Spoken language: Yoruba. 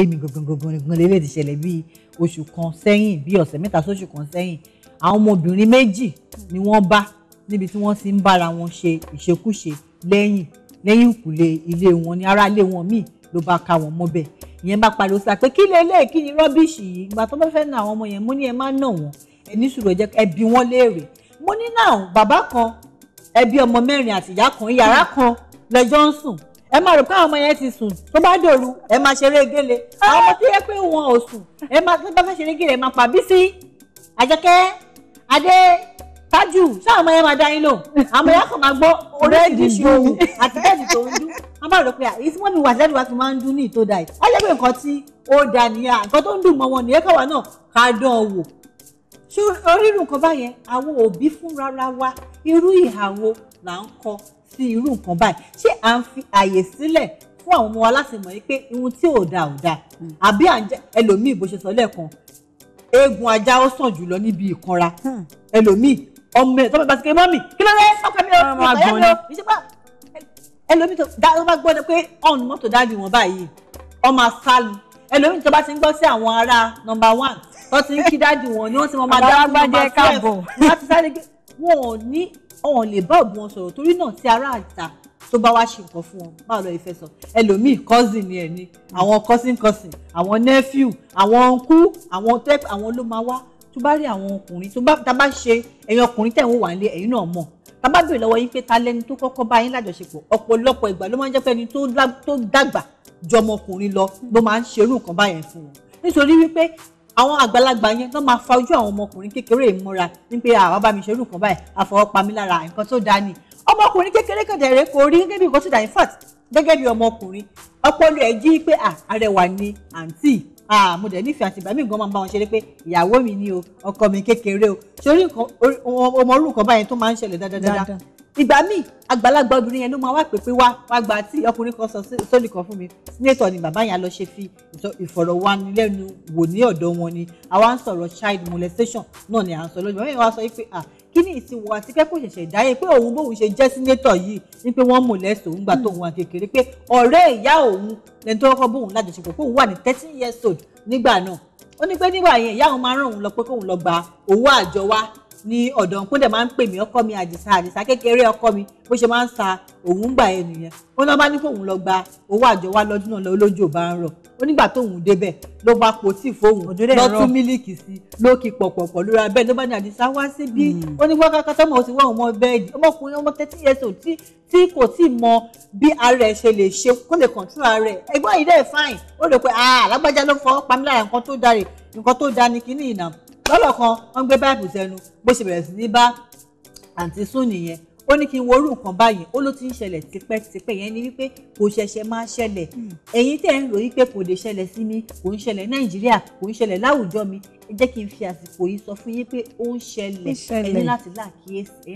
èmi gangan gangan nìkan lélẹ̀ ti ṣẹlẹ̀ bíi oṣù kan sẹ́yìn bíi ọ̀sẹ̀ mẹ́ta sóṣù kan sẹ́yìn àwọn ọmọbìnrin méjì ni wọ́n bá níbi tí wọ́n ti ń bára wọn ṣe ìṣekúṣe lẹ́yìn lẹ́yìn ìkùlé ilé wọn ní ará ilé wọn míì ló bá ka wọn mọ́bẹ̀ ìyẹn bá pariwo sá pé kí lélẹ̀ kí ni rọ́bìṣì yìí ìgbà tó bá fẹ́ na àwọn ọmọ yẹn mo ní ẹ má nà wọ́n ẹ ní jẹ́ ẹ bi wọ́n léèrè mo ní náà bàbá kan ẹbí ọmọ mẹ́rin àtìyá kan yàrá kan lẹ́jọ́ ń sùn ẹ máa rò pé àwọn ọmọ yẹn ti sùn tó bá dòru ẹ máa ṣeré gèlè àwọn ọmọ tó yẹ pé wọn ò sùn ẹ máa tó bá fẹ́ ṣeré gèlè ẹ máa pa Bísí Àjọkẹ́ Adé Tájù sáwọn ọmọ yẹn máa dá yín lò àwọn ọmọ yẹn kàn máa gbọ́ oríṣiríṣi ohun àti bẹ́ẹ̀dì tó ń dún a máa rò pé ìsí wọn mi wà sẹ́dùn wa ti máa ń dún ní ìtòdà yìí wọ́n jẹ́ pé nǹkan tí ó dà nìyà nǹkan tó ń dùn mọ́ wọn nìyẹn káwa náà sí irú nǹkan báyìí ṣé à ń fi àyè sílẹ̀ fún àwọn ọmọ wa láti mọ̀ yìí pé ihun tí ò da ò da hmm. àbí à ń jẹ́ ẹlòmíì bó ṣe sọ lẹ́ẹ̀kan eegun ajá ó sàn jùlọ níbi ìkanra hmm. ẹlòmíì ọmọ ẹ tọ́mọ ìbáṣekè mọ́mì kí ló dé ọkọ mi ò mọ̀ ọ̀yá mi ò ẹlòmíì tó bá gbọ́ pé ọ̀n mọ́tò dáàbì wọn báyìí ọmọ asálù ẹlòmíì tó bá ti ń gbọ́ sí àwọn ará nọmba one tó ti ń kí dáàbì wọn ni wọ́n ti mọ̀ máa dáàbì wọn máa fẹ́ẹ̀ wọ́n wọn ò ní ọ̀hún lè bá òbí wọn sọ̀rọ̀ torí náà tí ará àta tó bá wá ṣe nǹkan fún wọn báwo lọ ìfẹ́ sọ ẹlòmíì cousin ni ẹ̀ ní àwọn cousin cousin àwọn nephew àwọn uncle àwọn tep àwọn ló máa wá tó bá rí àwọn ọkùnrin tó bá tá bá ṣe ẹ̀yin ọkùnrin tẹ̀ ń wà nílé ẹ̀yin náà mọ̀ tá bá béèrè lọ́wọ́ yín pé ta lẹni tó kọ́kọ́ bá yín lájọṣepọ̀ ọ̀pọ̀lọpọ̀ ìgbà ló máa ń jẹ́ pé ẹni tó dàgbà ju ọmọkùnrin lọ ló máa ń ṣerú nǹkan báyẹn fún wọn nítorí wípé àwọn àgbàlagbà yẹn ló máa fa ojú àwọn ọmọkùnrin kékeré ìmúra wípé àwọn bá mi ṣerú nǹkan báyìí àfọwọ́pamí lára nǹkan tó dáa ni ọmọkùnrin kékeré kan dẹ̀rẹ́ kò rí gẹ́gẹ́ bí nǹkan tó dáa in fact gẹ́gẹ́ bí ọmọkùnrin ọpọlọ ẹ̀ jí pé àrẹwà ni àǹtí mo dẹ̀ nífẹ̀ẹ́ àti ìgbà míì gan máa ń bá wọn ṣeré pé ìyàwó mi ni o ọkọ mi kékeré o ṣorí ọmọ orúkọ báyẹn tó máa ń ṣẹlẹ̀ dáadáa ìgbà míì àgbàlagbà obìnrin yẹn ló máa wá pè pé wá wá gba tí ọkùnrin kan sọ fún mi sínétọ̀ ni bàbá yẹn lọ ṣe fi ìfọ̀rọ̀wánilẹ́nu ní ọ̀dọ̀ wọn ni àwa ń sọ̀rọ̀ child molestation náà ni à ń sọ lójú bàbá yẹn wá sọ pé à kí ni ìsìn wọn àti kẹ́kọ̀ọ́ ṣẹ̀ṣẹ̀ dáyé pé òun bóun ṣe jẹ́ sínétọ̀ yìí ni pé wọ́n molest òun gbà tóun wà kékeré pé ọ̀rẹ́ ìyá òun lẹni tó kọ́kọ́ bóun lájọṣepọ̀ pé òun wà ní thirteen years old nígbà náà ó ní pé nígbà yẹn ìyá òun máa ń ràn òun lọ pé kóun lọ gba owó àjọ wá ní ọ̀dọ̀ kó dẹ̀ máa ń pè mí ọkọ mi àdìsá àdìsá kékeré ọkọ mi bó ṣe máa ń sa òun gbà yẹn nìyẹn ó náà bá ní kóun lọ gba owó àjọ wa lọ́dún náà lọ olójò bá ń rọ̀ ó nígbà tóun débẹ̀ ló bá po tí fóun lọ tún mílíkì sí ló kí pọ̀pọ̀pọ̀ lóra bẹ́ẹ̀ ló bá ní àdìsá wá sí bí hmm. ó ní wákàkà tọ́mọ ó ti wá ọmọ bẹ́ẹ̀dì ọmọkùnrin ọmọ thirty years old tí tí kò tí mọ bí ara ẹ̀ ṣe lè ṣe kó lè control ara ẹ̀ ẹgbọ́n yìí dẹ̀ fine ó lè pe ah alágbájá ló fọwọ́ pa mí lára nǹkan tó dáre nǹkan tó da ni kíní ìnà lọ́lọ́ kan wọ́n gbé báìbù sẹ́nu bó ṣe bẹ̀rẹ̀ sí ní bá àǹtí sùn nìyẹn ó ní kí n worú nǹkan báyìí ó ló ti ń ṣẹlẹ̀ tipẹ́tipẹ́ yẹn ni wípé kò ṣẹ̀ṣẹ̀ máa ṣẹlẹ̀ hmm. ẹ̀yin tẹ̀ ń ròyìn pé kò lè ṣẹlẹ̀ sí mi kò ń ṣẹlẹ̀ nàìjíríà kò ń ṣẹlẹ̀ láwùjọ mi ẹ jẹ́ kí n fi àsìkò yìí sọ fún yín pé ó ń ṣẹlẹ̀ ẹ láti láàkíyèsí